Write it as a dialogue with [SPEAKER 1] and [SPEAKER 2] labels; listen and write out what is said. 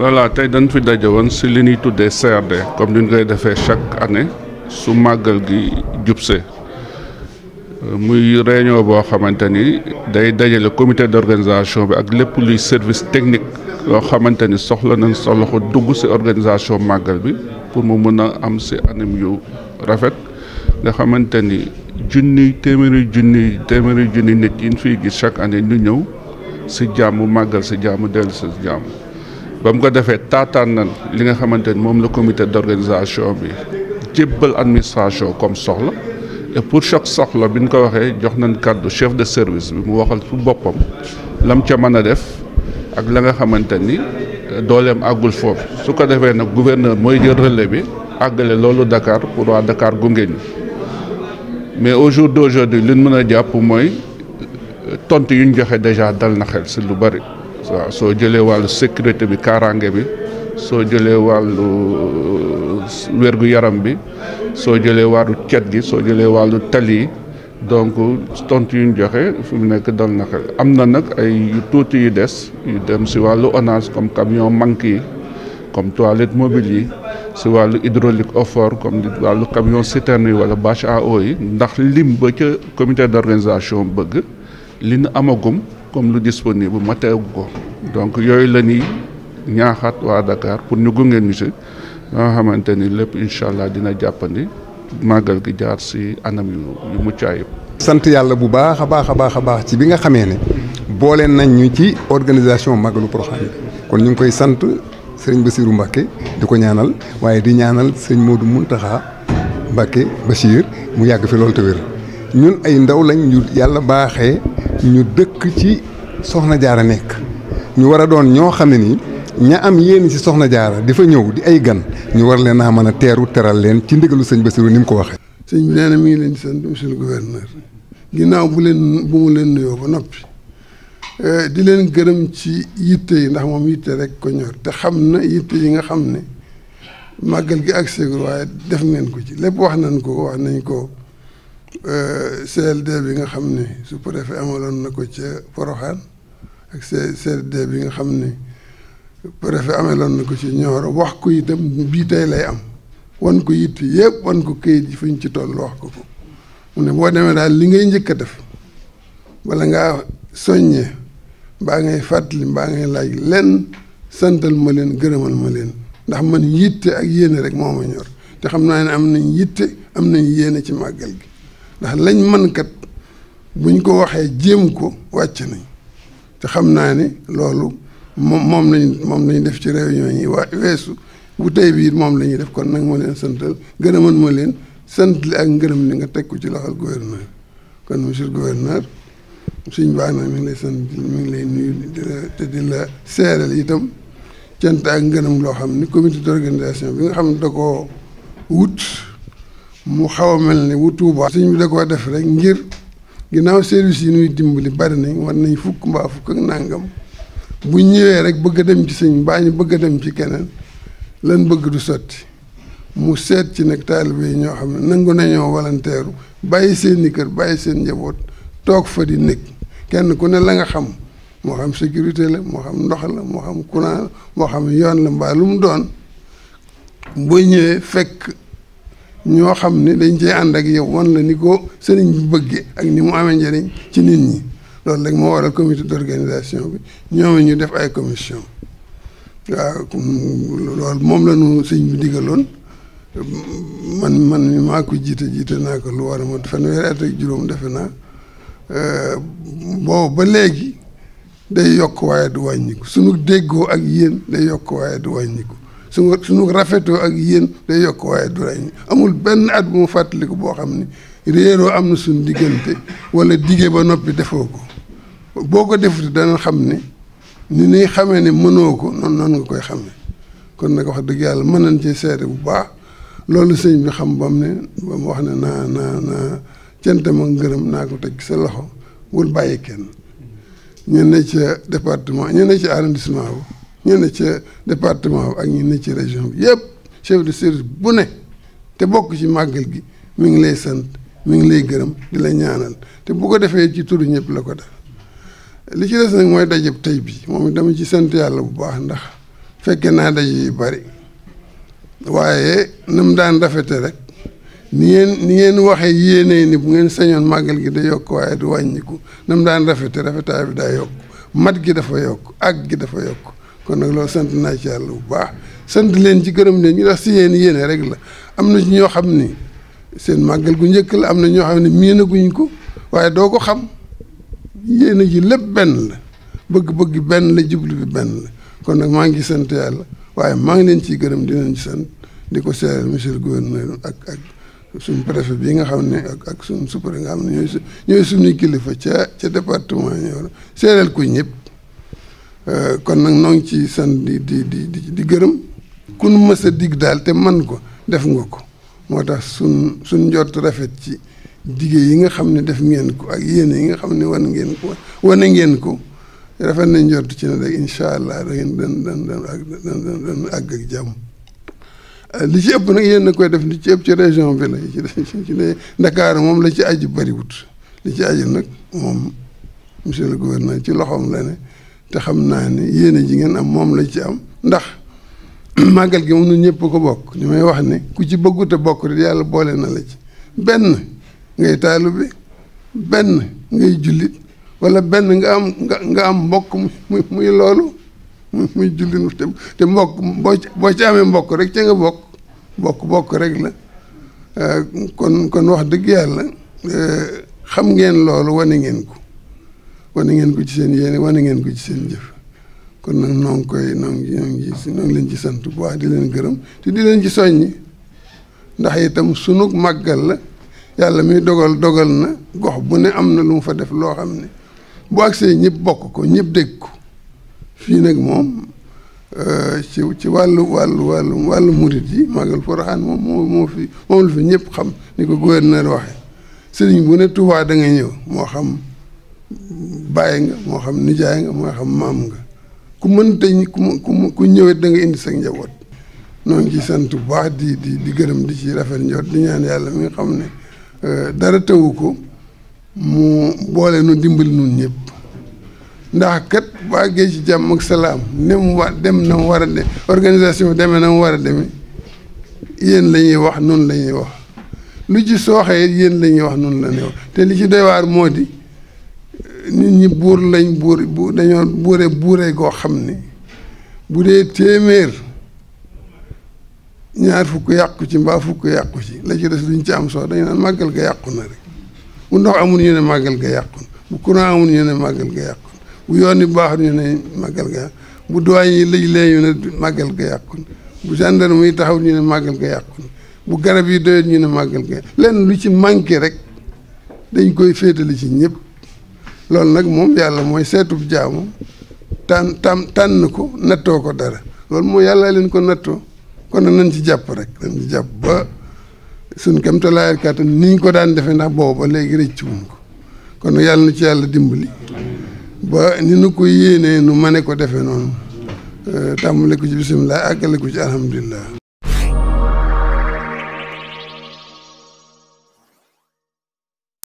[SPEAKER 1] voilà tey dañ fi daje woon si li ñuy tuddee CRD comme ni ñu koy defee chaque année su màggal gi jubse euh, muy réunion boo xamante ni day dajale comité d'organisation bi ak lépp luy service technique yoo xamante ni soxla nañ sa loxo dugg si organisation màggal bi pour mu mën a am si anam yu rafet nga xamante ni junniy téeméeri junni téeméeri junni nit yi nu fiy gis chaque année ñu ñëw si jàmm màggal si jàmm dellu si jàmm. ba mu ko defee taataan nan li nga xamante ni moom la comité d'organisation bi jébbal administration comme soxla et pour chaque soxla bi ñu ko waxee jox nañ kàddu chef de service bi mu waxal su boppam lam ca mën a def ak la nga xamante ni dooleem àggul foofu su ko defee nag gouverneur mooy jël relais bi àggale loolu dakaar pour waa Dakar gunge mais au jour d'aujourd'hui li ñu mën a jàpp mooy tont yu ñu joxe déjà dal na xel si lu bari. waaw soo jëlee wàllu sécurité bi kaaraange bi soo jëlee wàllu euh, wérgu yaram bi soo jëlee wàllu cet gi soo jëlee wàllu tali yi donc tontu yu ñu joxe fi mu nekk dal na xel am na nag ay yu tuuti yu des yu dem si wàllu onage comme camion manque yi comme toilette mobile yi si wàllu hydraulique au fort comme wàllu camion citerne yi wala bache à eau yi ndax lim ba ca comité d' bëgg li nu amagum. comme lu disponible mateegu ko donc yooyu la ni ñaaxat waa dakaar pour ñu gunge ñu si nga xamante ni lépp incha allah dina jàppandi màggal gi jaar si anam yu yu mucc ayib. sant yàlla bu baax a baax a baax
[SPEAKER 2] a baax ci bi nga xamee ne boole nañ ñu ci organisation màggalu Porokhane bi kon ñu ngi koy sant sëriñ Bassirou Mbacké di ko ñaanal waaye di ñaanal sëriñ Modou Mountakha Mbacké Bachir mu yàgg fi loolu te wér ñun ay ndaw lañ ñu yàlla baaxee. ñu dëkk ci soxna jaara nekk ñu war a doon ñoo xam ne nii ña am yéen ci soxna jaara di fa ñëw di ay gan ñu war leen a mën a teeru teral leen ci ndigalu sëñ Basiru ni mu ko waxee. sëñ bi nee na mi ngi leen di sant monsieur le gouverneur ginnaaw bu leen bu mu leen nuyoo ba noppi eh, di leen gërëm ci yitte yi ndax moom yitte rek ko ñor te xam na yitte yi nga xam ne màggal gi ak ségur waaye def ngeen ko ci lépp wax nañ ko wax nañ ko. Euh, CLD bi nga xam ni sous-préfet amaloon na ko ca Porokhane ak CLD bi nga xam ni préfet amaloon na ko ci Nioro wax ko itam bii tey lay am wan ko it yëpp wan ko këyit yi fu ñu ci toll wax ko ko mu ne boo demee daal li ngay njëkk a def bala ngaa soññee mbaa ngay fàttali mbaa ngay laaj lenn santal ma leen gërëmal ma leen ndax man yitte ak yéene rek moo ma ñor te xam naa ne am nañ yitte am nañ yéene ci màggal gi ndax lañ mën kat buñ ko waxee jéem ko wàcc nañ te xam naa ni loolu moom moom lañ moom lañ def ci réunion yi waa weesu bu tey bi moom la ñuy def kon nag moo leen santal gën a ma leen sant li ak ngërëm li nga teg ko ci loxol gouverneur kon monsieur gouverneur suñ baax nag mi ngi lay sant mu ngi lay nuyu te di la seeral itam cant ak ngërëm loo xam ni comité d'organisation bi nga xam ne da koo wut mu xaw a mel ni wu Touba. sëñ bi da koo def rek ngir ginnaaw service yi nuy dimbali bari nañ war nañ fukk mbaa fukk ak nangam bu ñëwee rek bëgg a dem ci sëñ mbaa ñu bëgg a dem ci keneen lan bëgg du sotti mu seet ci nag taalibe ñoo xam ne nangu nañoo wallanteeru bàyyi seen i kër bàyyi seen njaboot toog fa di nekk kenn ku ne la nga xam moo xam sécurité la moo xam ndox la moo xam courant moo xam yoon la mbaa lu mu doon boo ñëwee fekk ñoo xam ne dañ cee ànd ak yow wan la ni ko sëriñ bi bëggee ak ni mu amee njëriñ ci nit ñi loolu rek moo waral comité d'organisation bi ñoom ñu def ay commission waaw loolu moom la ñu sëñ bi digaloon man man maa ko jiite jiite naa ko lu war a mot fanweeri at ak juróom defe naa boobu ba léegi day yokk waaye du wàññiku sunu déggoo ak yéen day yokk waaye du wàññiku suñu suñu rafetoo ak yéen day yokk waaye du ràññi amul benn at bu mu fàttaliku boo xam ni réeroo am na suñ diggante wala digee ba noppi defoo ko boo ko defut dana xam ni ni ñuy xamee ne mënoo ko noonu noonu nga koy xamee kon nag wax dëgg yàlla mën nañ ci seere bu baax loolu sëñ bi xam bam ne ba mu wax ne naa naa naa cant ma ngërëm naa ko teg sa loxo bul bàyyi kenn ñu ne ca département ñu ne ca ñu ne ci département ak ñu ci région bi yëpp chef de service bu ne te bokk ci màggal gi mu ngi lay sant mi ngi lay gërëm di la ñaanal te bu ko defee ci turu ñëpp la ko def li ci des nag mooy dajeb tey bi moom dama ci sant yàlla bu baax ndax fekkee naa daje yu bari waaye na mu daan rafete rek ni ngeen ni ngeen waxee yéenee ni bu ngeen señoon màggal gi da yokk waaye du wàññiku na mu daan rafete rafetaay bi daa yokk mat gi dafa yokk ak gi dafa yokk kon nag loolu sent naa ci yàlla bu baax sant leen ci gërëm leen ñu dax si yéen yéene rek la am na ci ñoo xam ni seen màggal gu njëkk la am na ñoo xam ne miinaguñ ko waaye doo ko xam yéene ji lépp benn la bëgg-bëgg benn la jublu bi benn la kon nag maa ngi sant yàlla waaye maa ngi leen ciy gërëm di leen ci sant di ko seeral monsieur le gouverneur ak ak suñ préfet bii nga xam ne ak ak suñ super nga xam ne ñooy suñuy kilifa ca ca département Nioro seeral ko ñëpp Euh, kon nag noo ngi ci sant di di di di gërëm ku nu digg daal te man ko def nga ko moo tax sun suñ njort rafet ci dige yi nga xam ne def ngeen ko ak yéene yi nga xam ne wan ngeen ko wane ngeen ko rafet nañ njort ci ne rek incha allah da ngeen dan dan dan dan àgg ak jàmm euh, li ci ëpp nag yéen na koy def li ci ëpp ci région bi la ci ne Ndakaaru moom la ci aju bariwut li ci aju nag moom monsieur le gouverneur ci loxoom la ne te xam naa ne yéene ji ngeen am moom lañ ci am ndax màggal gi moom ñun ñëpp ko bokk ñu may wax ni ku ci bëggu te bokk rek yàlla boole na la ci benn ngay taalibe benn ngay jullit wala benn nga am nga nga am mbokk muy muy loolu muy jullit te mbokk boo ci boo ci amee mbokk rek ca nga bokk bokk bokk rek la euh, kon kon wax dëgg yàlla euh, xam ngeen loolu wane ngeen ko. wane ngeen ko ci seen yéene wane ngeen ko ci seen jëf kon nag noo koy noo ngi noo ngi noo ngi leen ci sant bu baax di leen gërëm te di leen ci soññi ndax itam sunug màggal la yàlla muy dogal dogal na gox bu ne am na lu mu fa def loo xam ne bu agsee ñëpp bokk ko ñëpp dégg ko fii nag moom euh, ci ci wàllu wàllu wàllu wàllu murit yi màggal Porokhane moom moo moom la fi ñëpp xam ni ko gouverneur waxe sëriñ bu ne Touba da ñëw moo xam bàyyi nga moo xam nijaay nga moo xam maam nga ku mën tey ku ku danga indi sa njaboot noo ngi sant bu baax di di di gërëm di ci rafet njot di ñaan yàlla mi nga xam ne euh, dara tawu ko mu boole nu dimbali nun ñëpp ndax kat waa géej ci jàmm ak salaam ne mu dem na war a dem deme demee na mu war a demee yéen lañuy wax noonu la ñuy wax lu ci sooxee yéen la ñuy wax noonu la ñuy wax te li ci doy waar moo di nit ñi buur lañ buur bu dañoo buure buure goo xam ne bu dee téeméer ñaar fukk yàqu ci mbaa fukk yàqu ci la ci des duñ ci am soo dañu naan màggal ga yàqu na rek bu ndox amul ñu ne màggal ga yàqu na bu courant amul ñu ne màggal ga yàqu na bu yoon yi baax ñu ne màggal ga yàqu bu doyen yi lëj lee ñu ne na bu gendarme yi taxaw ñu ne màggal ga yàqu na bu garab yi doyet ñu ne màggal ga lenn lu ci manqué rek dañ koy féetali ci ñëpp loolu nag moom yàlla mooy seetub jaamu tànn tànn tànn ko nattoo ko dara loolu mooy yàlla leen ko nattoo kon nag nañ ci jàpp rek nañ ci jàpp ba suñ kam te laayal kàttan ni ko daan defee ndax booba léegi rëcc wuñ ko kon nag yàlla na ci yàlla dimbali ba ni nu ko yéenee nu mane ko defee noonu euh, tàmbale ko ci bisimilah ak ko ci alhamdulilah